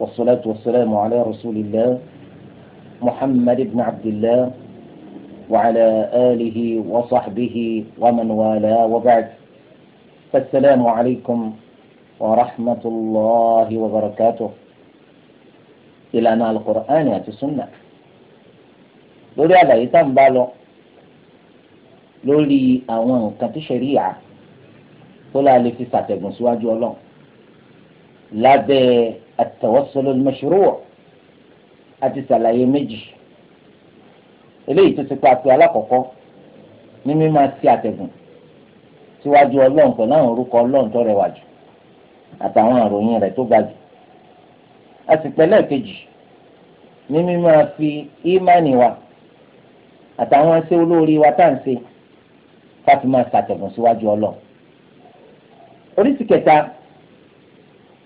والصلاة والسلام على رسول الله محمد بن عبد الله وعلى آله وصحبه ومن والاه وبعد فالسلام عليكم ورحمة الله وبركاته إلى أن القرآن يأتي السنة لولي àlàyé tá à لولي أوان كانت شريعة àwọn لفي ساتة ṣẹ̀ríà tó láà التوسل المشروع àti sàlàyé méjì eléyìí tó ti pa àti alákọ̀ọ́kọ́ ní mímọ sí àtẹ̀gùn síwájú ọlọ́run pẹ̀lú àwọn orúkọ ọlọ́run tó rẹwà jù àtàwọn àròyìn rẹ̀ tó ga jù a sì pẹ̀lẹ́ kejì ní mímọ fi ímánì wa àtàwọn ẹsẹ̀ olórí wa tá à ń ṣe káfí máa sàtẹ̀gùn síwájú ọlọ́run oríṣi kẹta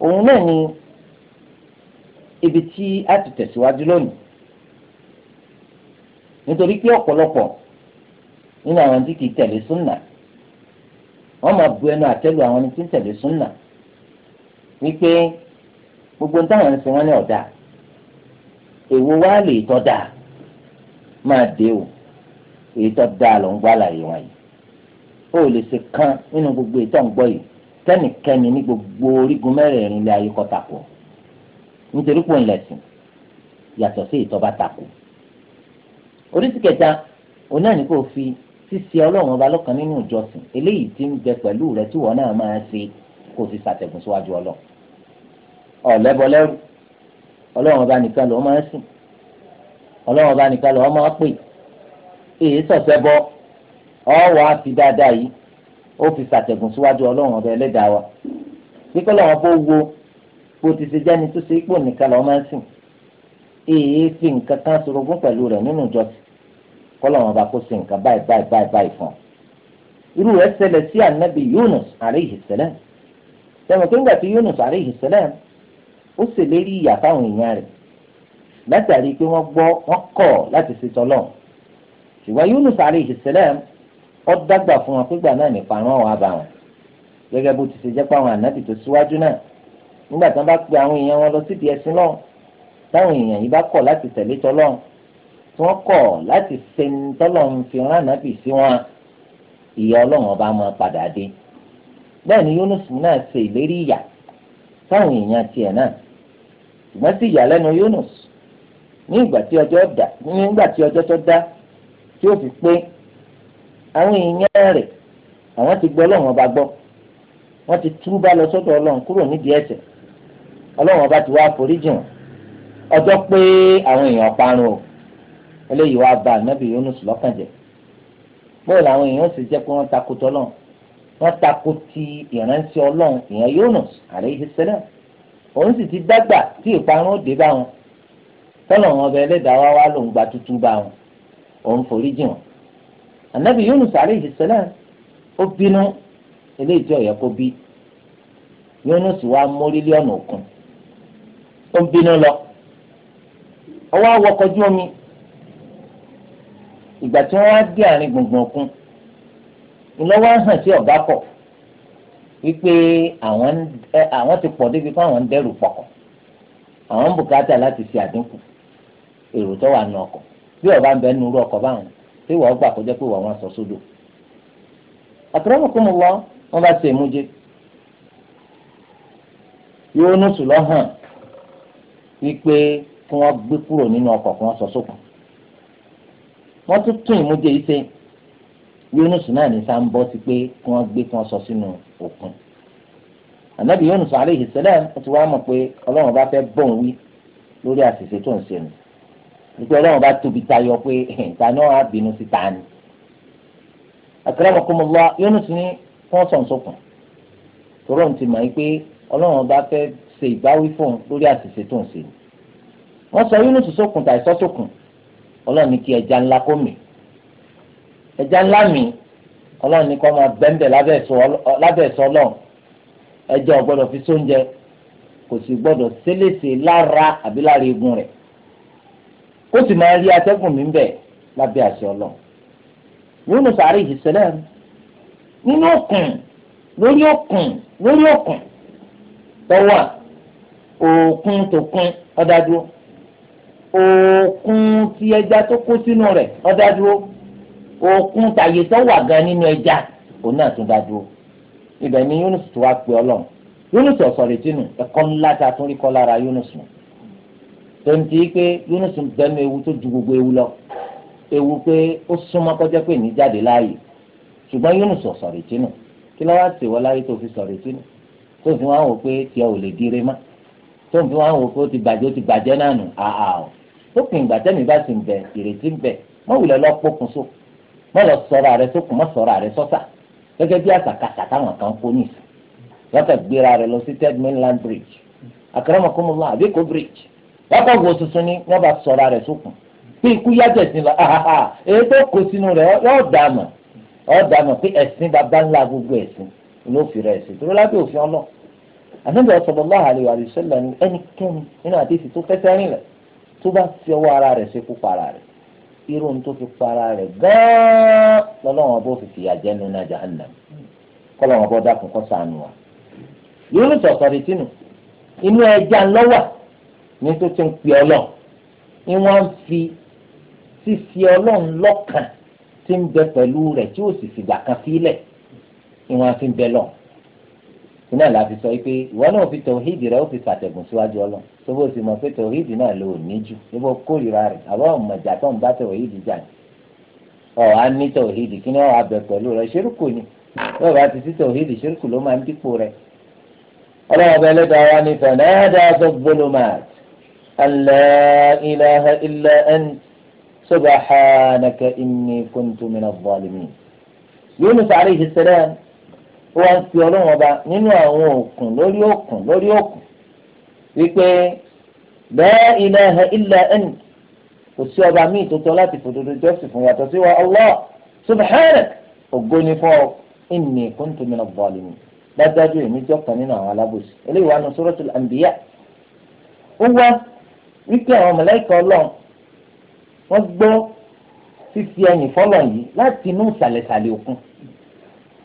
òun náà ni ibi tí a ti tẹ̀síwájú lónìí nítorí pé ọ̀pọ̀lọpọ̀ nínú àwọn tí kìí tẹ̀lé súnà wọ́n máa bu ẹnu àtẹ́lu àwọn tí ń tẹ̀lé súnà wípé gbogbo táwọn ń sọ wọn ní ọ̀dà èwo wá lè tọ́ da máa dé o èyí tọ́ da ló ń gbá láàyè wọn yìí ó lè ṣe kán nínú gbogbo ètò ń gbọ́ yìí tẹ́nìkẹ́ni ní gbogbo orígun mẹ́rẹ̀ẹ̀rin ilé ayé kọ́ tàpọ̀ nítorí pò ń lẹ̀sìn yàtọ̀ sí ìtọ́ba tako oríṣi kẹta òun náà ní kò fi ṣíṣe ọlọ́run ọba lọ́kàn nínú ìjọsìn eléyìí tí ń bẹ pẹ̀lú rẹ tí wọn náà máa ṣe kó fi ṣàtẹ̀gùn síwájú ọlọ́run ọ̀lẹ́bọ lẹ́rù ọlọ́run ọba nìkan lọ́ọ́ máa ń sìn ọlọ́run ọba nìkan lọ́ọ́ máa pè èyí sọ̀tẹ́ bọ́ ọ̀wọ́ á fi dáadáa yìí ó fi ṣàtẹ̀gùn síwájú ọlọ́run ọba ẹlẹ́dàá wa bí kọ́lọ́run bó wo bó ti ṣe jẹ́ni tó ṣe ipò nìkan lọ́ọ́ máa ń sìn èyí fi nǹkan kan sorogún pẹ̀lú rẹ̀ nínú ìjọsìn kọ́lọ̀ wọn bá kó ṣe nǹkan báyìí báyìí báyìí báyìí fún un. irú rẹ̀ ṣẹlẹ̀ sí ànábì Yunus alayhi salam tẹ̀wọ̀n tó ń gbà tí Yunus alayhi salam ó ṣèlérí ìyà fáwọn èèyàn rẹ̀ látàrí pé wọ́n gbọ́ wọ́n kọ̀ láti ṣe tọ́lọ̀ ṣùgbọ́n Yunus alayhi salam ó dágbà fún wọn pígbà náà nípa àwọn àwọn àbàwọn gẹ́gẹ́ bó ti ṣe jẹ́ pé ànábì tó síwájú náà nígbà tí wọ́n bá pe àwọn èèyàn wọn lọ síbi ẹ̀sìn náà táwọn èèyàn yìí bá kọ̀ láti tẹ̀lé tọ́lọ́run tí wọ́n kọ̀ láti sẹ́ni tọ́lọ́run fi rán ànábì sí wọn ìyà ọlọ́run ọba máa padà dé bẹ́ẹ̀ ni Yunus náà ṣe ìlérí ìyà táwọn èèyàn tiẹ̀ náà ṣùgbọ́n sí ìyàlẹ́nu Yunus ní ìgbà tí ọjọ́ dá nígbà tí ọjọ́ tó dá tí ó fi pé àwọn èèyàn rẹ̀ àwọn ti gbọ́ ọlọ́run ọba gbọ́ wọ́n ti túbá lọ sọ́dọ̀ ọlọ́run kúrò nídìí ẹ̀ṣẹ̀ ọlọ́run ọba ti wá foríjìn ọjọ́ pé àwọn èèyàn parun o eléyìí wá ba ànábì Yunus lọ́kàn jẹ́ bóyá làwọn èèyàn sì jẹ́ pé wọ́n takò tọ́lọ́run wọ́n takò ti ìránṣẹ́ ọlọ́run ìyẹn Yunus alayhi salam òun sì ti dàgbà tí ìparun ó dé bá wọn tọ́lọ̀ wọn bẹ ẹlẹ́dàá wá wá lòun gba tuntun bá wọn òun foríjìn wọn ànábì Yunus alayhi salam ó bínú eléyìí tí ó kó bí Yunus wá mórílẹ̀ ọ̀nà òkun ó ń bínú lọ ọwọ́ awọkọjú omi ìgbà tí wọ́n á dé àárín gbùngbùn òkun ìlọ́wọ́ hàn sí ọ̀gá pọ̀ wípé àwọn ti pọ̀ débi pé àwọn ń dẹ́rù pọ̀kọ̀ àwọn ń bùkátà láti ṣe àdínkù èrò tó wà nù ọkọ̀ bí ọba ń bẹ nuru ọkọ̀ báwọn tí wọ́n gbà kọjá pé wọ́n sọ sódò àtúrọ́mù kó mu lọ wọ́n bá ṣe é mú yóò nù sùn lọ́hàn wípé kí wọ́n gbé kúrò nínú ọkọ̀ kí wọ́n sọ sókun wọ́n tún tún ìmúdé yìí ṣe Yunus náà ní sáà ń pé kí wọ́n gbé kí wọ́n sọ sínú òkun ànábì Yunus aleyhi sẹlẹm ó ti wá mọ̀ pé Ọlọ́run bá fẹ́ bọ̀ wí lórí àṣìṣe tó ń ṣe nù wípé Ọlọ́run bá tóbi tayọ pé ìta náà á bínú sí ta ni akramakumullah Yunus ní kí wọ́n sọ̀ sókun mọ̀ Ọlọ́run bá fẹ́ ṣe ìbáwí fún un lórí àṣìṣe tó ń ṣe ni wọ́n sọ Yunus sókun tàì sọ́tòkun ọlọ́run ní kí ẹja ńlá kó mì ẹja ńlá mì ọlọ́run ní kó máa bẹ́ńbẹ̀ lábẹ́ ẹ̀sọ́ ọlọ́run ẹja ò gbọ́dọ̀ fi sóúnjẹ kò sì gbọ́dọ̀ sélèsè lára àbí lára eegun rẹ̀ kó sì máa rí atẹ́gùn mi bẹ̀ lábẹ́ àṣẹ ọlọ́run Yunus alayhi salam nínú òkun lórí òkun lórí òkun tọ́wọ́ à òkun tó kún ọ̀dá dúró òkun tí ẹja tó kó sínú rẹ̀ ọ̀dá dúró òkun tàyè tó wà gan nínú ẹja òun náà tún dá dúró ibẹ̀ ni Yunus tó wá pé ọlọ́run Yunus ọ̀sọ̀rọ̀ ìtinú ẹ̀kọ́ ńlá ta tún rí kọ́ lára Yunus nù tó ń ti pé Yunus bẹnu ewu tó ju gbogbo ewu lọ ewu pé ó súnmọ́ kọjá pé ní jáde láàyè ṣùgbọ́n Yunus ọ̀sọ̀rọ̀ ìtinú kí ló wá sí láyé tó fi sọ̀rọ̀ ìtinú tó fi wá wò pé tiẹ̀ ò lè dire mọ́ tó ń fi wọn wò pé ó ti bàjẹ́ ó ti bàjẹ́ náà nù àhà o ó pin ìgbà tẹ́mi bá ti ń bẹ̀ ìrètí ń bẹ̀ mọ́ wulẹ̀ lọ pókun so mọ́ lọ sọ̀rọ̀ rẹ sókun mọ́ sọ̀rọ̀ rẹ sọ́sà gẹ́gẹ́ bí àṣàkàṣà táwọn kan kó nìyí lọ́kà gbéra rẹ lọ sí third mainland bridge àkàràmọ̀kọ́mọ́lá àbíkó bridge lọ́kà wo tuntun ni wọ́n bá sọ̀rọ̀ rẹ sókun pé ikú yájẹ̀ sí lọ èyí tó kó sínú rẹ yóò dààmú ọ̀ dààmú pé ẹ̀sìn baba ńlá gbogbo ẹ̀sìn ló fi rẹ̀ sí torí lábẹ́ òfin ọlọ́ọ̀ ànábì sallallahu alaihi wa sallam ní ẹnikẹ́ni nínú àdéhìí tó fẹsẹ̀ rìnlẹ̀ tó bá fi ọwọ́ ara rẹ̀ ṣekú para rẹ̀ irú ohun tó fi para rẹ̀ gán-an lọ́lọ́wọ́n bó fi fìyà jẹ́ nínú jahannam kọ́lọ́wọ́n bó dákun kó ṣàánú wa. yóò ní sọ̀sọ̀rì tìǹù inú ẹja lọ́wà ní tó ti ń pè ọlọ́ọ̀ ni wọ́n ń fi fífi ọlọ́run lọ́kàn ti ń bẹ pẹ̀lú rẹ̀ tí ó sì fìgbà kan sílẹ̀ ni wọ́n fi ń bẹ lọ́ọ̀ sinna la fi sọ pé ìwọ náà fi tòhídì rẹ ó fi sàtẹ̀gùn síwájú ọlọ́run tó bó ti mọ̀ pé tòhídì náà ló ní jù níbo kórìíra rẹ̀ àbọ̀ ọ̀mọ̀jà tó ń bá tòhídì jà ní. ọ̀ á ní tòhídì kí ni ọ̀ abẹ pẹ̀lú rẹ̀ ṣírùkù ni bẹ́ẹ̀ bá ti sí tòhídì ṣírùkù ló máa ń dípò rẹ̀. ọlọ́run ọba ẹlẹ́dàá wa ní fẹ̀nẹ́dà tó gbólómàt alla ilaha illa ant subhanaka inni kuntu minadh-dhalimin Yunus alayhi salam ó wá ń fi ọlọ́run ọba nínú àwọn òkun lórí òkun lórí òkun wípé la ilaha illa ant kò sí ọba míì tó tọ́ láti fòdodo jọ́sìn fún yàtọ̀ sí wa Allah subhanak ògo fún ọ inni kuntu min adh-dhalimin dájúdájú èmi jọ́kan nínú àwọn alábòsí eléyìí wà nù suratul anbiya ó wá wípé àwọn màláíkà ọlọ́run wọ́n gbọ́ fífi ẹ̀yìn fọ́lọ̀ yìí láti inú ìsàlẹ̀sàlẹ̀ òkun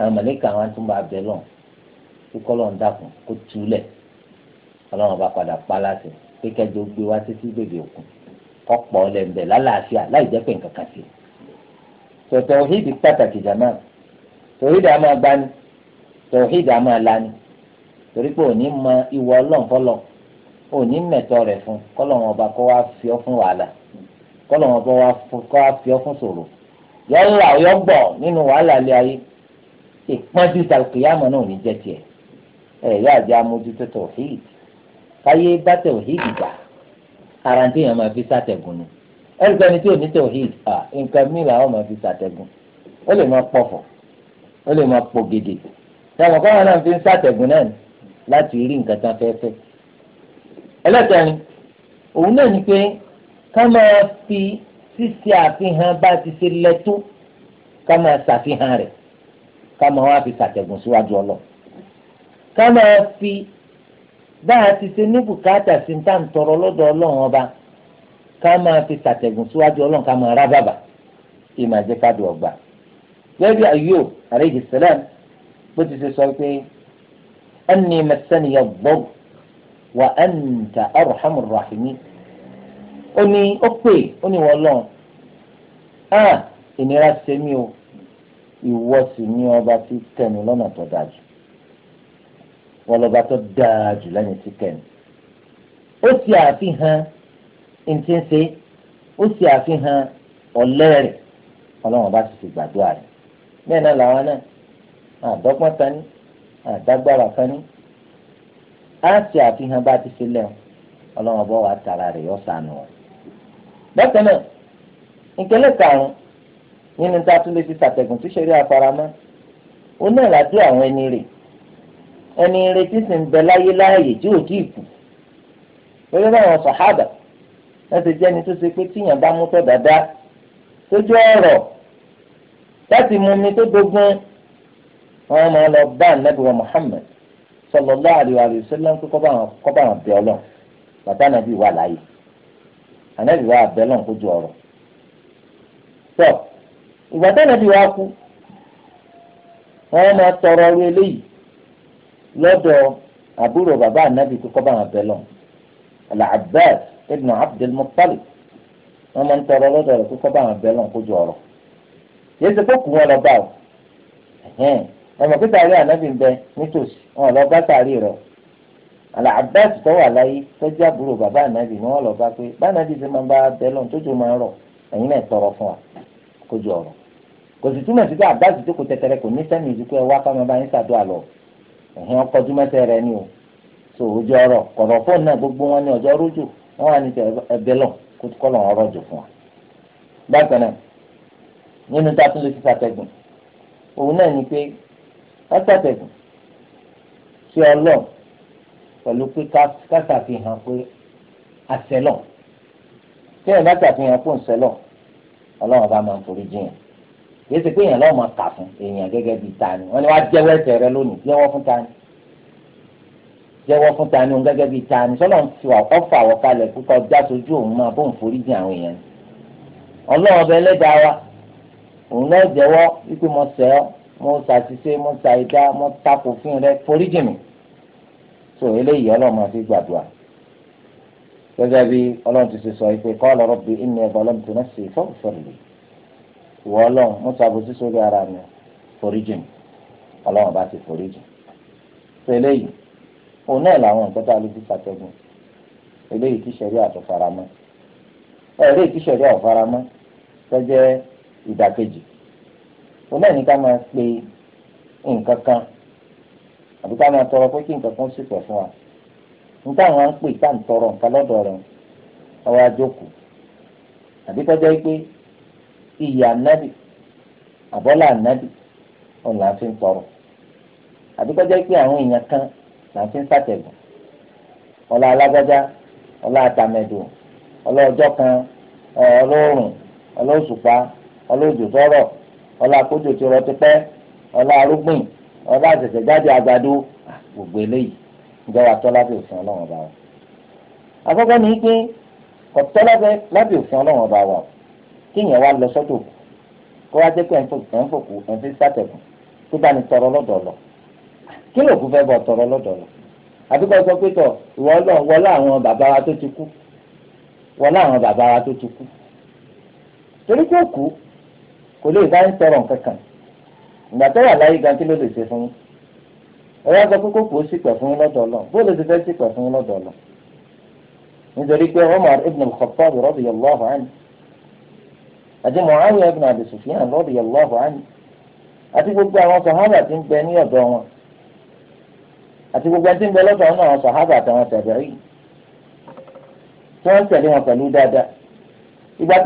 àwọn mọ̀lẹ́kà wọn tún bá bẹ̀ lọ́n tó kọ́ lọ́n dàkún kó túlẹ̀ ọlọ́run bá padà pa láti pé kẹjọ gbé wá títí bèbè òkun kọ́pọ̀ lẹ́ńbẹ̀ lálàáfíà láì jẹ́ pé nǹkan kan sí i tọ̀tọ̀ òhídìí pàtàkì jàmáà tòhídìí àmọ́ agbani tòhídìí àmọ́ alani torí pé òní mọ ìwọ ọlọ́ǹfọ́lọ́ òní mẹ̀tọ́ rẹ̀ fún kọ́lọ́wọ́n ọba kọ́ wá fi fún wàhálà kọ́lọ́wọ́n ọba kọ́ wá fi fún ṣòro yọ ń yọ gbọ̀ nínú wàhálà ilé ayé ìpọ́njú tàlùkìyàmọ̀ náà ò ní jẹ́ tiẹ̀ ẹ̀yọ́ àjẹ́ amójútó tọ̀híìd káyé bá tọ̀híìd gbà ara ń téèyàn máa fi sàtẹ̀gùn ni ẹnìkan ni tí ò ní tọ̀híìd à nǹkan míì làwọn máa fi sàtẹ̀gùn ó lè máa pọ̀fọ̀ ó lè máa pọ̀ gèdè táwọn kọ́wọn náà fi ń sàtẹ̀gùn náà láti rí nǹkan tán fẹ́ẹ́fẹ́ ẹlẹ́kẹ̀rin òun náà ni pé ká máa fi ṣíṣe àfihàn bá ti ṣe lẹ́tọ́ ká máa ṣàfihàn rẹ̀ ká máa wá fi ṣàtẹ̀gùn síwájú ọlọ ká máa fi bá a ti ṣe ní bùkátà sí ń tà ń tọrọ lọ́dọ̀ ọlọ́run ọba ká máa fi ṣàtẹ̀gùn síwájú ọlọ́run ká máa rá bàbà kí máa jẹ́ ká dùn ọgbà gẹ́gẹ́ bí Ayub alayhi bó ti ṣe sọ pé ẹnì mẹsànìyà gbọ́g wà anta arhamur rahimin ó ní ó pè ó ní wọ́n lọ́n ah ìnira ṣe mí o. ìwọ sì ọba tí tẹnu lọ́nà tó dáa jù wọ́n lọ́ba tó dáa jù lẹ́yìn tí tẹnu. ó sì àfihàn ntẹ́sẹ̀ ó sì àfihàn ọ̀lẹ́rẹ̀ ọlọ́run bá sì ti gbàdúrà rẹ̀ bẹ́ẹ̀ náà làwọn náà àdọ́gbọ́n kan ní àdágbára kan ní á sì àfihàn bá ti tara rẹ̀ yọ sànù bákan náà nínú tá a tún lè fi ṣàtẹ̀gùn tí ṣẹ̀rí àfaramọ́ òun náà láti àwọn ẹni rè ẹni rè tí sì ń bẹ láyé láàyè tí ò tíì kù lórí àwọn sàhábà wọ́n ti jẹ́ni tó ṣe pé tíyàn bá mú tọ́ dáadáa tó jẹ́ ọ̀rọ̀ láti mú mi tó dogun wọn máa lọ bá ànábì wa Muhammad sallallahu alaihi wa sallam kó kọ́ bá wọn bẹ ọlọ́run bàtà ànábì wà láàyè ànábì wà bẹ ju ọ̀rọ̀ So, ìgbà tẹ́lẹ̀ bí wàá kú wọ́n máa tọrọ ọrú eléyìí lọ́dọ̀ àbúrò bàbá ànábì kókó bá wọn bẹ̀ lọ Al-Abbas ibn Abdul Muttalib wọ́n máa ń tọrọ lọ́dọ̀ rẹ̀ kókó bá wọn bẹ̀ lọ kójú ọ̀rọ̀ yéé ṣe kó kù wọn lọ bá o ọmọ pété àrí ànábì ń bẹ nítòsí wọn lọ bá sàárì rẹ̀ Al-Abbas tó wà láyé tọ́jú àbúrò bàbá ànábì ni wọ́n lọ bá pé bá ànábì ṣe máa bá bẹ̀ lọ tójú máa rọ̀ ẹ̀yin náà tọrọ fún wa kójú ọ̀rọ̀ kò sì túmọ̀ sí pé àbáàsì tó kò tẹ̀tẹ̀rẹ̀ kò ní sẹ́mi ìdíkú ẹ wá fáwọn ọba yín ṣàdúrà lọ ẹ̀hìn ọkọ̀jú mẹ́sẹ̀ rẹ ni o so ojú ọ̀rọ̀ kọ̀rọ̀ fóònù náà gbogbo wọn ní ọjọ́ rújò wọn wà ní ẹbẹ lọ kó kọ́ lọ́n ọ̀rọ̀ jù fún wa. bákan náà nínú tá a tún lè fi ṣàtẹ̀gùn òun náà ni pé wọ́n ṣàtẹ̀gùn sí ọlọ́ọ̀ pẹ̀lú pé ká ṣàfihàn pé àṣẹlọ̀ tí ẹ̀ ọlọ́run bá máa ń forí jìn yìí ṣe pé èèyàn lọ́wọ́ máa kà fún èèyàn gẹ́gẹ́ bíi tani wọ́n ní wá jẹ́wọ́ ẹ̀ṣẹ̀ rẹ lónìí jẹ́wọ́ fún tani jẹ́wọ́ fún tani òun gẹ́gẹ́ bíi tani sọ́lọ́run ti wà ọ̀fà àwọ̀kalẹ̀ púpọ̀ já sojú òun máa bóun forí jìn àwọn èèyàn ọlọ́run ọba ẹlẹ́dàá wa òun lọ́ọ́ jẹ́wọ́ wípé mo ṣẹ̀ ọ́ mo ṣàṣìṣe mo ṣàìdá mo takò fún rẹ forí jìn mi so eléyìí ọlọ́run máa fi gbàdúrà gẹ́gẹ́ bí ọlọ́run ti ṣe sọ ìpè qala rabbi inni zalamtu nafsi faghfir li ìwọ ọlọ́run mo ṣàbòsí sórí ara mi foríjìn ọlọ́run bá ti foríjìn sọ eléyìí òun náà làwọn nǹkan tá a lè fi ṣàtẹ̀gùn eléyìí tí ṣẹ̀rí àtọ̀ faramọ́ eléyìí tí ṣẹ̀rí àtọ̀ faramọ́ gẹ́gẹ́ ìdàkejì òun náà ní ká máa pe nǹkan kan àbí ká máa tọrọ pé kí nǹkan kan sì pẹ̀ fún wa. nke táwọn ń pè sáà ń tọrọ nǹkan lọ́dọ̀ rẹ̀ ọwọ́ ajókòó àbí kọjá pé iyì ànábì àbọ́là ànábì òun là ń fi ń pé àwọn èèyàn kan là ń fi ń sàtẹ̀gùn alágbájá ọlọ àtàmẹ̀dùn ọlá ọjọ́ kan ọlọ́run ọlọ́sùpá ọlọ́jòtọ́rọ̀ ọlá akójòtìrọ̀ tipẹ́ arúgbìn àgbàdo ǹjẹ́ wàá tọ́ lábẹ́ òfin ọlọ́run ọba wa àkọ́kọ́ ni pé ọ̀tọ́ lábẹ́ òfin ọlọ́run ọba wa kéèyàn wá lọ sọ́dọ̀ kó wá jẹ́ pé ẹ̀ ń fòkù ẹ̀ ń fi sátẹ̀kùn tó bá ní tọrọ lọ́dọ̀ lọ kí ló kú fẹ́ bọ̀ tọrọ lọ́dọ̀ lọ àbíkọ́ sọ pé tọ̀ ìwọ wọlé àwọn bàbá wa tó ti kú wọlé àwọn bàbá wa tó ti kú torí pé òkú kò lè bá ń tọrọ nǹkan kan ìgbà tó wà láyé gan kí ló lè ṣe fún yín ọ̀yá sọ pé kókò ó ṣìpẹ̀ fún yín lọ́dọ̀ ọlọ́ bó lè ti fẹ́ ṣìpẹ̀ fún lọ́dọ̀ ọlọ́ nítorí pé Umar ibn al-Khattab radiyallahu anhu àti Muawiya ibn Abi Sufyan radiyallahu anhu àti gbogbo àwọn sàhábà tí ń bẹ ní wọn àti gbogbo ẹni ń bẹ lọ́dọ̀ wọn àwọn àtàwọn tí wọ́n tẹ̀lé wọn pẹ̀lú dáadáa ìgbà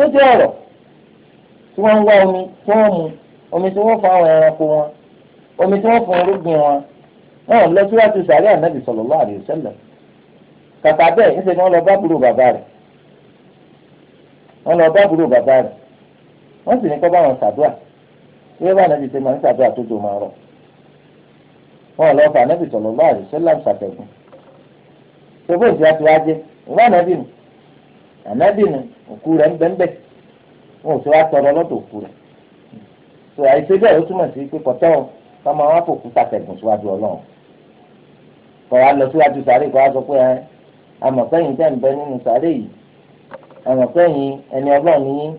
tó mu omi tí wọ́n fún àwọn ẹranko wọn omi tí wọ́n fún irúgbìn wọn ò lọ síwájú sàárẹ̀ ànábì sallallahu alaihi wasallam kàkà bẹ́ẹ̀ ńṣe ni wọ́n lọ bá burú bàbá rẹ̀ wọ́n lọ bá burú bàbá rẹ̀ wọ́n sì ní kọ́ bá wọn ṣàdúrà wíwá bá ànábì ṣe máa ń ṣàdúrà tó jò máa rọ̀ wọn ò lọ bá ànábì sallallahu alaihi wasallam ṣàtẹ̀gùn ṣòfò ìṣe àti wájẹ ìwà ànábì nù ànábì nù òkú rẹ̀ ń bẹ́ńbẹ́ wọn ò sì wá tọrọ lọ́dọ̀ òkú rẹ̀ tó àìṣe ó túmọ̀ sí pé kọ́tọ́ ká máa wá fòkú ṣàtẹ̀gùn síwájú ọlọ́run kọ̀ wá lọ síwájú sàárè kọ̀ wá sọ pé ẹ àmọ̀pẹ́yìn tẹ̀ ń bẹ nínú sàárè yìí àmọ̀pẹ́yìn ẹni ọlọ́run yín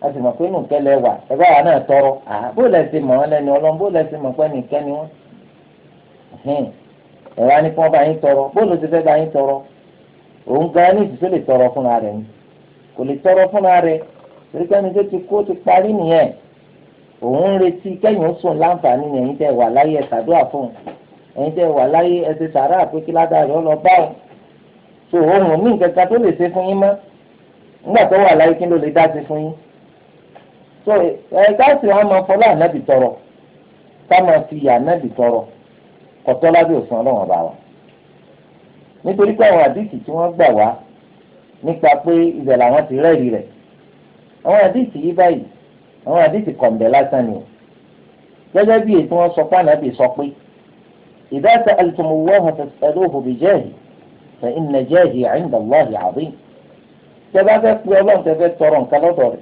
a sì mọ̀ pé inú kẹlẹ̀ wà ẹ wa náà tọrọ bó lẹ ti mọ̀ wọn lẹ́ni ọlọ́run bó lẹ ti mọ̀ pé nìkan ni wọ́n ẹ wá ní bá yín tọrọ bó ló ti fẹ́ bá yín tọrọ òun gan ní ìtúsọ́ lè tọrọ fúnra rẹ̀ ni kò lè tọrọ fúnra rẹ̀ torí pé ti kó ti parí nìyẹn òun retí kẹ́yìn ó sùn láǹfààní ẹ̀yìn tẹ̀ wà láyé ẹ̀sàdúrà fún un ẹ̀yin tẹ́ wà láyé ẹ ti sàrà pé kí ládàrú ọlọ bá ọ so ohun mí nǹkan kan tó lè ṣe fún yín mọ́ nígbà tó wà láyé kí ló lè dá sí fún yín so ẹ káàsì wọn máa fọlá ànábì tọrọ ká máa fi yà ànábì tọrọ kọtọ lábẹ́ òfin Ọlọ́run ọba wa nítorí pé àwọn àdìsí tí wọ́n gbà wá nípa pé ibẹ̀ làwọn ti rẹ́ẹ̀rí rẹ̀ àwọn àdìsí yìí báyìí àwọn àdìsí kọ̀ǹbẹ̀ lásán ni o gẹ́gẹ́ bí èyí tí wọ́n sọ pé ànábì sọ pé إذا سألتم الله فاسألوه بجاهي فإن جاهي عند الله عظيم تبعت الله تبعت ترون كلا ترى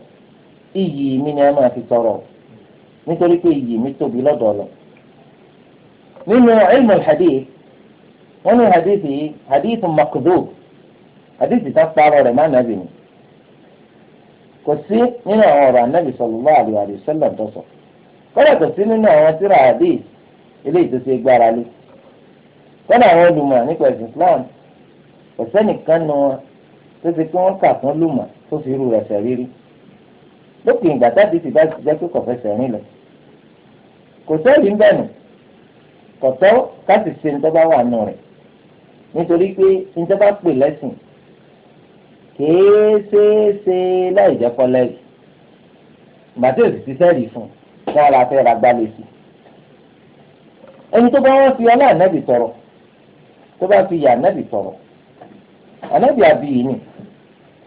iyì mi ni ẹ máa fi tọrọ nítorí pé iyì mi tóbi lọ́dọ̀ lọ. nínú ilmu hadith wọn ní hadith yìí hadith makdub hadith tá parọ́ rẹ̀ má nàbì ni kò sí nínú àwọn ọ̀rọ̀ anábì sallallahu alaihi wasallam tó sọ kọ́dà kò sí nínú àwọn tírà hadith ilé ìtòsí gbára lé kọ́dà àwọn olùmọ̀ nípa ẹ̀sìn Islam ẹ̀sẹ̀ nìkan nu wọn tó ti pé wọ́n kà fún lùmọ̀ tó fi irú rẹ̀ sẹ̀rí rí lókè ìgbà táàbí ti bá jẹ́ pé kò fẹsẹ̀ rìn lọ kò sẹ́ẹ̀rí ń bẹ̀nu kò tọ́ káàsì ṣe ní tó bá wà nù rẹ̀ nítorí pé ní tó bá pè lẹ́sìn kìí láì jẹ́ kọ́ lẹ́rìí òsì ti sẹ́ẹ̀rì fún un la fẹ́ ra gbálẹ̀ ẹni tó bá wọ́n fi ọlọ́ọ̀nẹ́bì tọrọ tó bá fi yà ànábì sọ̀rọ̀ ànábì àbíyí ni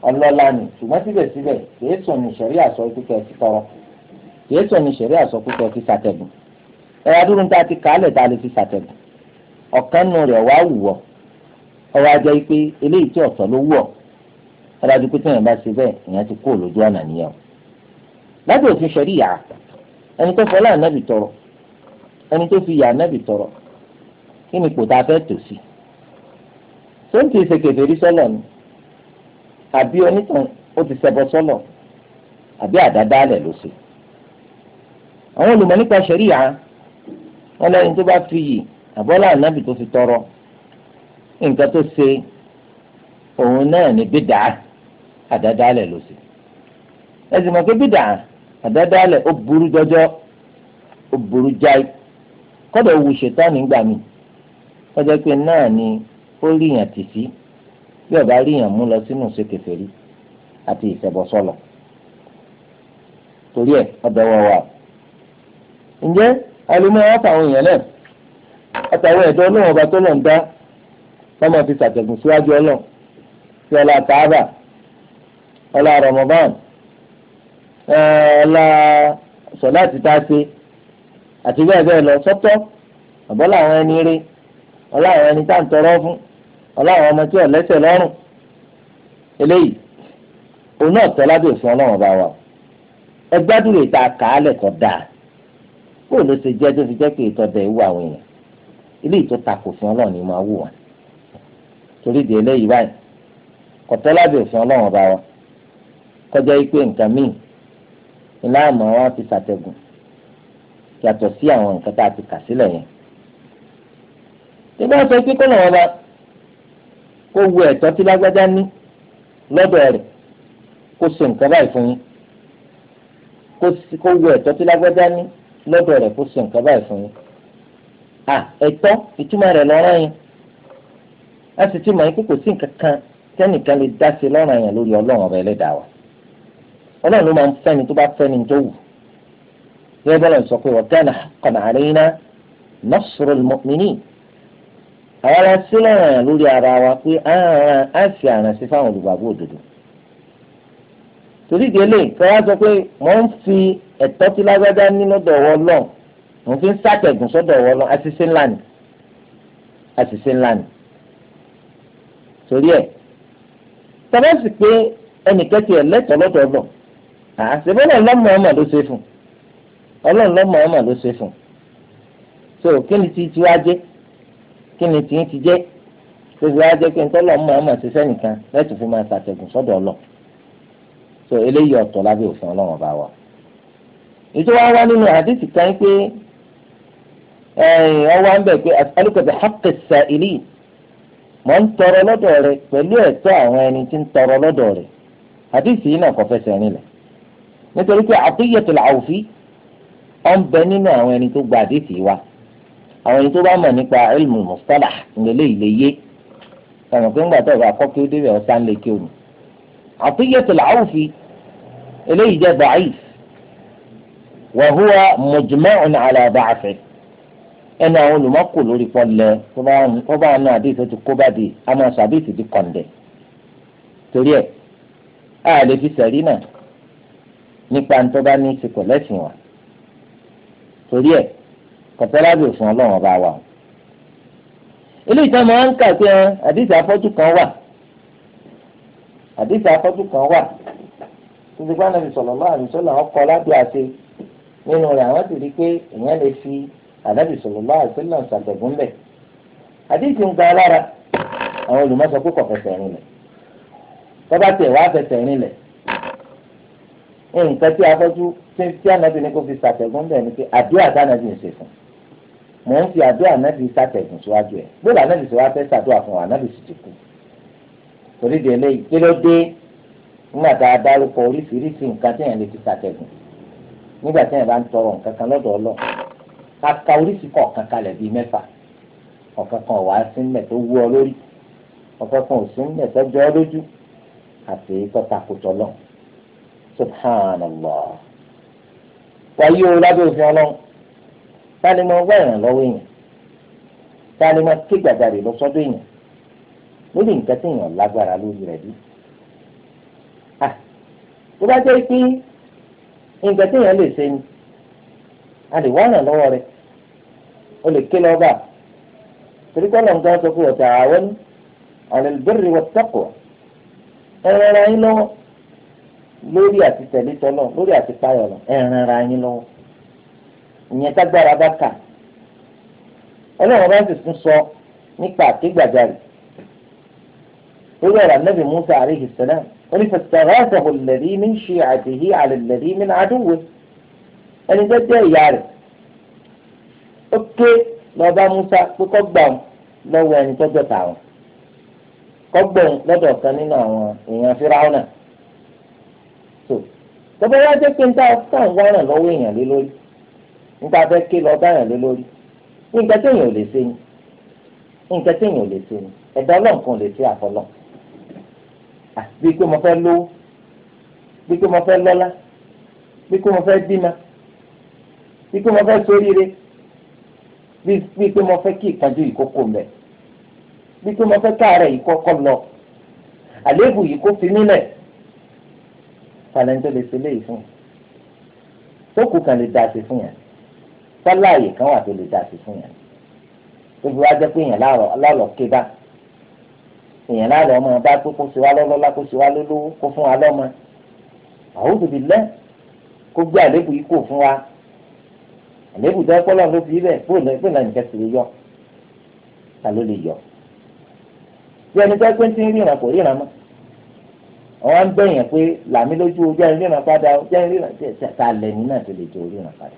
ọlọ́lá ni ṣùgbọ́n síbẹ̀síbẹ̀ kìí sùn ní sẹ̀rí àsọ pípẹ́ ti tọrọ kìí sùn ní sẹ̀rí àsọ pípẹ́ ti sàtẹ̀gùn ẹ̀rọ adúrún tá a ti kàálẹ̀ tá a lè fi sàtẹ̀gùn ọ̀kan nù rẹ̀ wá wù ọ́ ọwọ́ ajá yìí pé eléyìí tí ọ̀tọ̀ ló wù ọ́ ọ̀dájú pé tíyẹn bá ṣe bẹ́ẹ̀ ìyẹn ti kó lójú ọ̀nà nìyẹn o lábẹ́ òfin sẹ̀rí yà ẹni tó fọlá ànábì tọrọ ẹni tó fi yà ànábì tọrọ kí ni kò tá a fẹ́ tòsí tó ń ti ṣe kèfèrí sọ́lọ̀ ni àbí onítàn ó ti ṣẹbọ sọ́lọ̀ àbí àdádálẹ̀ ló ṣe. àwọn olùmọ̀ nípa ṣẹ̀ríyà wọn lẹ́ni tó bá fi yì àbọ́lá ànábì tó fi tọrọ nǹkan tó ṣe òun náà ní bídà àdádálẹ̀ ló ṣe. ẹ sì pé bídà àdádálẹ̀ ó burú jọjọ ó burú jáì kọ́dọ̀ wù ṣètánì gbà mí kọjá pé náà ni ó rí yàn tì sí bí ọba rí yàn mú lọ sínú ṣèkèfèrí àti ìṣẹbọsọlọ torí ẹ ọdọ wọn wà. ǹjẹ́ alùmọ́ àtàwọn èèyàn náà àtàwọn ẹ̀dọ́ náà ọba tó náà ń dá lọ́mọ fi ṣàtẹ̀gùn síwájú ọlọ́ sí ọlá tààbà ọlá rọmọbán ọlá sọláàtì tá a ṣe àti bẹ́ẹ̀ bẹ́ẹ̀ lọ sọ́tọ̀ àbọ́lá àwọn ẹni rí ọlá àwọn ẹni tá à ń tọrọ fún ọlọ́run ọmọ tí ọ̀lẹ́sẹ̀ lọ́rùn eléyìí òun náà tọ́ lábẹ́ òfin ọlọ́run bá wà ẹ gbádùn ìta kàálẹ̀ kọ́ dáa bó ló ṣe jẹ́ tó fi jẹ́ pé ìtọ́jà ìwú àwọn èèyàn eléyìí tó takò fún ọlọ́run ni máa wù wá torí di eléyìí báyìí kò tọ́ lábẹ́ òfin ọlọ́run bá wa kọjá yìí pé nǹkan míì iná àmọ́ wọn ti ṣàtẹ̀gùn yàtọ̀ sí àwọn nǹkan tá a ti kà sílẹ̀ yẹn. ìgbà tó ṣe pé kọ́nà kó wu ẹ̀tọ́ tí lágbájá ní lọ́dọ̀ rẹ̀ kó ṣe nǹkan báyìí fún yín kó wu ẹ̀tọ́ tí lágbájá ní lọ́dọ̀ rẹ̀ kó ṣe nǹkan báyìí fún yín. à ẹ̀tọ́ ìtumọ̀ rẹ̀ lọ́rọ̀ yẹn a sì ti mọ̀ yín pé kò sí nǹkan kan tẹ́nìkan lè dá sí lọ́rọ̀ yẹn lórí ọlọ́run ọ̀rẹ́ ẹlẹ́dàá wa ọlọ́run ló máa ń fẹ́ni tó bá fẹ́ni tó wù gẹ́gẹ́ bọ́lá ń sọ pé wa kana haqqan alaina nasrul mu'minin àwọn ará sílẹ̀ ràn lórí ara wa pé á fi àrànṣe fáwọn olùgbàgbọ́ òdodo torí délé kọ́ra sọ pé mò ń fi ẹ̀tọ́ tí lágbádá nínú dọ̀wọ́ lọ mò ń fi ń sàtẹ̀gùn sọ́dọ̀ wọ́ lọ àṣìṣe ńlá ni àṣìṣe ńlá ni torí ẹ̀ tọ́lá sì pé ẹnìkan ti ẹ̀ lẹ́tọ̀ọ́ lọ́dọ̀ ọ̀dọ̀ àṣìbọ́lọ̀ lọ́mọ ọmọ ló ṣe fún ọlọ́run lọ́mọ ọmọ ló ṣe fún so kí ni ti tiwa jẹ́ kí ni tìyín ti jẹ́ tóbi wá jẹ́ pé ntọ́lọ̀ mọ̀ ọ́mọ̀ ṣiṣẹ́ nìkan lẹ́tù fi máa ṣàtẹ̀gùn sọ́dọ̀ ọlọ́ so eléyìí ọ̀tọ̀ lábẹ́ òfin ọlọ́run bá wa. ìjọba wa nínú àdìsí kan pé ọwọ́ ń bẹ̀ pé alukọ̀bẹ̀ hapẹ̀sà ìlí mọ̀ ń tọrọ lọ́dọ̀ rẹ pẹ̀lú ẹ̀tọ́ àwọn ẹni tí ń tọrọ lọ́dọ̀ rẹ àdìsí yìí náà kò fẹsẹ̀ nílẹ̀ nítorí pé àtúnyẹ̀tò làwùfí ọ̀ ń bẹ nínú àwọn ẹni tó gba àdìsí wa. àwọn ẹni tó bá mọ̀ nípa ilmu mustalah ìlélẹ́ ìléyé ọ̀nà pé ńgbà tó ọ̀gá kọ́ kí ó débẹ̀ ọ̀sán lè kí òun. Atiyatul Awfi eléyìí jẹ́ da'if wa huwa mujma'un ala da'fi ẹnu àwọn olùmọ́kò lórí pọ́lẹ̀ tó bá wọn àdéhìí tó ti kó bá di àmọ́ sọ àdéhìí ti kọ̀ǹdẹ̀ torí ẹ̀ a lè fi sẹ̀rí náà nípa ntọ́ bá ní í ṣe wa torí ẹ̀ kọ̀tẹ́lábì fún ọlọ́run ọba wa. ilé ìtàn máa ń kà pé àdìsí afọ́jú kan wà àdìsí afọ́jú kan wà títí bá nàbì sọ̀rọ̀ lọ́wọ́ àmì sọ́lá ọkọ̀ lábẹ́ àti nínú rẹ̀ àwọn ti rí i pé èèyàn lè fi ànábì sọ̀rọ̀ lọ́wọ́ àti sọ́lá ṣàgbẹ̀gùn bẹ̀. àdìsí ń ga lára àwọn olùmọ̀sọ pé kọ̀ fẹsẹ̀ rin lẹ̀ tọ́ba tẹ̀ wá fẹsẹ̀ rin lẹ̀ nǹkan tí afọ́jú tí ànábì ní kó fi ṣàgbẹ̀gùn bẹ̀ ni pé àdúrà tí ànábì ń ṣe fún un mò ń fi àdúrà ànábì sàtẹ̀gùn síwájú ẹ̀ gbọ́dọ̀ ànábì sọ wá fẹ́ sàdúrà fún wa ànábì sì ti kú torí di eléyìí kí ló dé nígbà tá a dárúkọ oríṣiríṣi nǹkan téèyàn lè fi sàtẹ̀gùn nígbà téèyàn bá ń tọrọ nǹkan kan lọ́dọ̀ ọlọ́ kaka oríṣi kọ̀ọ̀kan kalẹ̀ bíi mẹ́fà ọ̀kan kan wà á sí mẹ́ tó wú ọ lórí ọ̀kan kan ò sí mẹ́ tó jọ ọ lójú àti tọ́ta lọ subhanallah wáyé o lábẹ́ òfin ọlọ́run ta ni mo wá ìrànlọ́wọ́ èèyàn ta ni mo ké gbàgàrè lọ sọ́dọ̀ èèyàn lórí nǹkan tí èèyàn lágbára lórí rẹ̀ bí. tó bá jẹ́ pé nǹkan tí èèyàn lè ṣe ni a lè wá ìrànlọ́wọ́ rẹ̀ o lè ké lọ́ba torí pé ọlọ́run kan sọ pé ọ̀tà àwọn ní alal birri wat taqwa ẹ̀rọ ara yín lọ́wọ́ lórí àti tẹ̀lé tọ́lọ̀ lórí àti páyọ̀ lọ ẹ̀rọ ara yín lọ́wọ́ ìyẹn tágbára bá kà ọlọ́run bá sì tún sọ nípa àkégbàjarì lórí ọ̀rọ̀ anábì musa àríhì sẹ́lẹ̀ ó ní fastaghathahu alladhi min shi'atihi ala alladhi min aduwwihi ẹni tó jẹ́ ìyá rẹ̀ ó ké lọ́ba musa pé kó gbà wọn lọ́wọ́ ẹni tó jọta wọn gbọ̀n lọ́dọ̀ kan nínú àwọn èèyàn Fíráúnà tó tọ́ba wá jẹ́ pé ń dá ọ̀sán wárán lọ́wọ́ èèyàn lé lórí níta fẹ́ ké lọ dáyàn lé lórí nǹkan téèyàn ò lè ṣe ni nǹkan téèyàn ò lè ṣe ni ẹ̀dá ọlọ́nkan ò lè ṣe àfọlọ́ bí pé mo fẹ́ lówó bí pé mo fẹ́ lọ́lá bí pé mo fẹ́ bímọ bí pé mo fẹ́ ṣoríire bí pé mo fẹ́ kí ìkanjú ìkókó mẹ́ bí pé mo fẹ́ káàárẹ̀ ìkọ́kọ́ lọ àléébù yìí kó fi nílẹ̀ tàlẹ́ńtò lè ṣe léyìí fún un tó kù kàn lè dá fún yẹn sọ́lá àyè kan wà tó lè dà sí fún yẹn gbogbo wa jẹ́ pé èèyàn lálọ́ ké bá èèyàn lálọ́ ọmọ bá pé kó siwá lọ́lọ́lá kó siwá lólówó kó fún wa lọ́mọ àwùjọ bíi lẹ́ kó gbé àlébù yìí kò fún wa àlébù tó ẹ̀kọ́ lọ́n ló fi bẹ́ẹ̀ bó lẹ́ pé lẹ́yìn kẹsì lè yọ ta ló lè yọ bí ẹni tó ẹgbẹ́ ti ń ríran kò ríran mọ́ àwọn ń bẹ̀yàn pé làmí ojú ẹni ríran padà ojú ẹni ríran tẹ̀ ta lẹ́ni náà tó lè jẹ́ oríran padà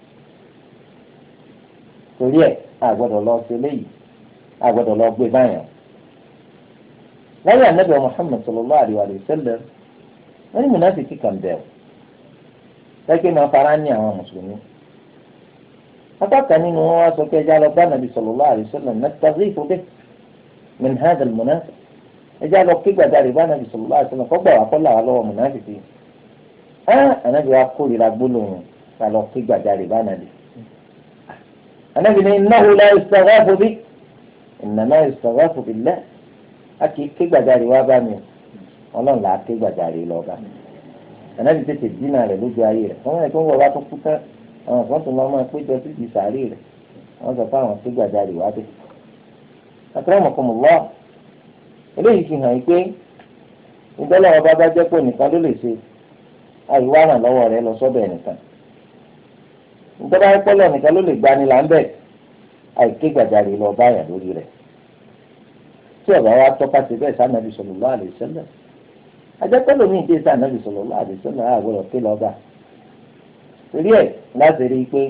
torí ẹ̀ àgbọ̀dọ̀ lọ ṣe léyìí àgbọ̀dọ̀ lọ gbé báyà. lẹ́yìn anábìyà Muhammad sallallahu alaihi wa sallam wọ́n ní mùnáfíkì kan bẹ̀ ọ́ lẹ́gbẹ́ máa fara ní àwọn mùsùlùmí. apá kan nínú wọn wá sọ pé ẹja lọ bá nàbì sallallahu alaihi wa sallam nastaghiithu bihi min hadha al-munaafiq ẹja lọ kí gbàdáre bá nàbì sallallahu alaihi wa wà kọ́lá anabi ni innahu la yustaghafu bi innama yustaghafu billah a kì í ké gbàjarì wá bá mi o ọlọ́run là á ké gbàjarì lọ bá mi anabi tètè dínà rẹ̀ lójú ayé rẹ̀ wọ́n yẹ kó ń wọ wá tó kú tán àwọn kan tó máa máa péjọ sí ìdí sàárè rẹ̀ wọ́n sọ fún àwọn ké gbàjarì wá bẹ́ẹ̀. akramakumullah eléyìí fi hàn yín pé ìdọ́lọ́wọ́ bá bá jẹ́ pé nìkan ló lè ṣe àìwárà lọ́wọ́ rẹ̀ lọ sọ́dọ̀ ẹnìkan nítorí àwọn pọ́lọ̀ nìkan ló lè gbani là ń bẹ̀ àìké gbàjarè lọ báyà lórí rẹ̀ tí ọ̀rọ̀ wa tọ́ka sí bẹ́ẹ̀ sànàbì sallallahu alaihi wasallam ajẹ́pẹ́lò ní ìdí sànàbì sallallahu alaihi wasallam àgbọ̀rọ̀ pé lọ́ba torí ẹ̀ láti rí i pé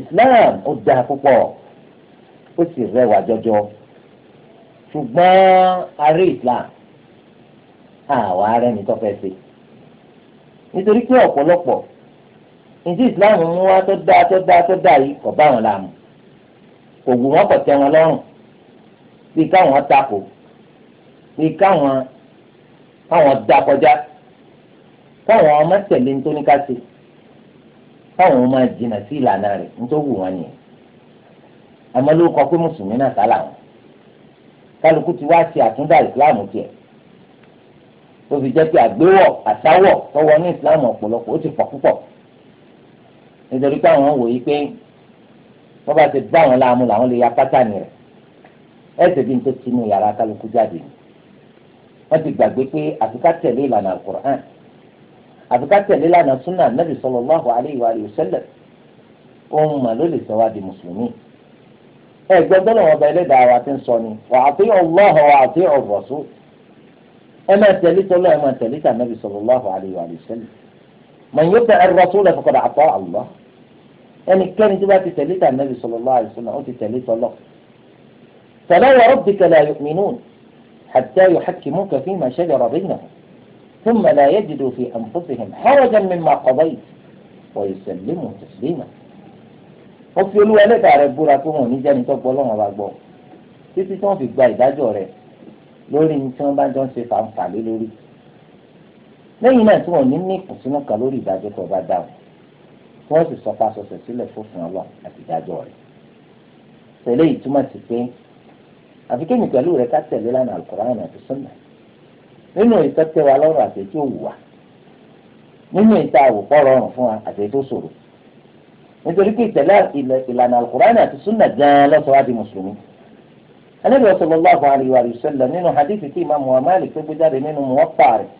Islam ó dáa púpọ̀ ó sì rẹwà jọjọ ṣùgbọ́n aré Islam àwa arẹ́ni tó fẹ́ ṣe nítorí pé ọ̀pọ̀lọpọ̀ nítí islam mú wá tó dáa tó dáa tó dáa yìí kò bá wọn láàmú kò wù wọn kò tẹ wọn lọ́rùn bí káwọn takò bí káwọn káwọn da kọjá káwọn ọmọ tẹ̀lé nítorí ká ṣe káwọn ọmọ jìnnà sí ìlànà rẹ̀ nítorí wù wọn nìyẹn àmọ́ ló kọ pé mùsùlùmí náà sálà wọn kálukú ti wá ṣe àtúndà ìsìláàmù tiẹ̀ ó fi jẹ́ pé àgbéwọ̀ àsáwọ̀ tọwọ́ ní ìsìláàmù ọ̀pọ̀lọpọ̀ ó ti pọ̀ púpọ̀ nítorí pé àwọn wòye pé wọ́n bá ti dá àwọn láàmú làwọn lè ya pátánì rẹ̀ ẹsẹ̀ bí n tó tinú yàrá kálukú jáde wọ́n ti gbàgbé pé àfikà tẹ̀lé ìlànà alukur'an àfikà tẹ̀lé ìlànà sunna nabi sallallahu alayhi wa sallam ohun mà ló lè sọ wá di mùsùlùmí ẹgbẹ́ gbọ́dọ̀ wọn bẹ ẹlẹ́dàá wa ti ń sọ ni wà á fi ọlọ́hàn wà á fi ọ̀rọ̀ ẹ máa tẹ̀lé tọ́lọ́ ẹ máa tẹ̀lé tà nabi sallallahu alayhi wa sallam. من يطع الرسول فقد عطاء الله يعني كان تبع تتلت عن النبي صلى الله عليه وسلم أو تتلت الله فلا وربك لا يؤمنون حتى يحكموك فيما شجر بينهم ثم لا يجدوا في أنفسهم حرجا مما قضيت ويسلموا تسليما وفي الولاة عربوا لكم ونجاني تقبوا لهم وبعبوا تتسون في قبائد أجوري لولي نتون بان جون سيفا مفعلي لولي lẹ́yìn náà tí wọ́n ní ní ìkùnsínú kan lórí ìdájọ́ tó bá dáhùn tí wọ́n sì sọpá sọsẹ̀ sílẹ̀ fófin ọlọ́run àti ìdájọ́ rẹ̀ tẹ̀lé ìtumọ̀ sí pé àfi kéèmì pẹ̀lú rẹ̀ ká tẹ̀lé lánàá alukọ̀rán àti sọ́nà nínú ìtọ́ tẹ wa lọ́rùn àti ètò òwú wa nínú ìta àwòkọ́ rọrùn fún wa àti ètò ṣòro nítorí pé ìtẹ̀lé ìlànà alukọ̀rán àti sọ́nà gan-an lọ́sọ̀rọ̀ àti mùsùlùmí anábìyàn sallallahu alaihi wa sallam nínú hadithi tí ìmáàmù wa Malik gbé jáde nínú muwatta rẹ̀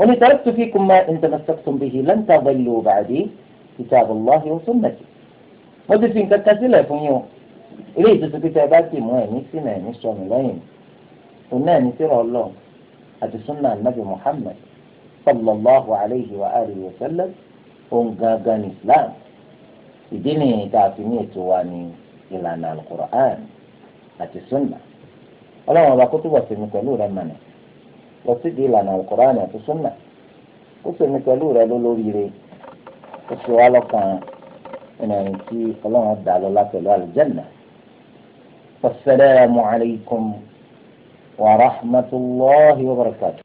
أني تركت فيكم ما إن تمسكتم به لن تضلوا بعدي كتاب الله وسنتي wọ́n ti fi nǹkan kan sílẹ̀ fún yín o eléyìí tuntun pé tẹ́ bá ti mú ẹ̀mí sínú ẹ̀mí sọnù lẹ́yìn òun náà ní sírọ̀ ọlọ́run àti súnà nàbì muhammed sallallahu alayhi wa alihi wa sallam òun gangan ní islam ìdí nìyí tá a fi ní ètò wa ní ìlànà alukur'an àti súnà ọlọ́run ọba kó túbọ̀ sẹ́mi pẹ̀lú rẹ̀ mọ̀nà lọ sídìí ìlànà Al-Qur'ani àti súnà ó sì ní pẹ̀lú rẹ lólóríire ó sì wá lọ́kàn ẹnìyàn tí ọlọ́run dà lọ́lá pẹ̀lú àlùjẹ́nà. Assalamu alaykum wa rahmatullahi wa barakatuh.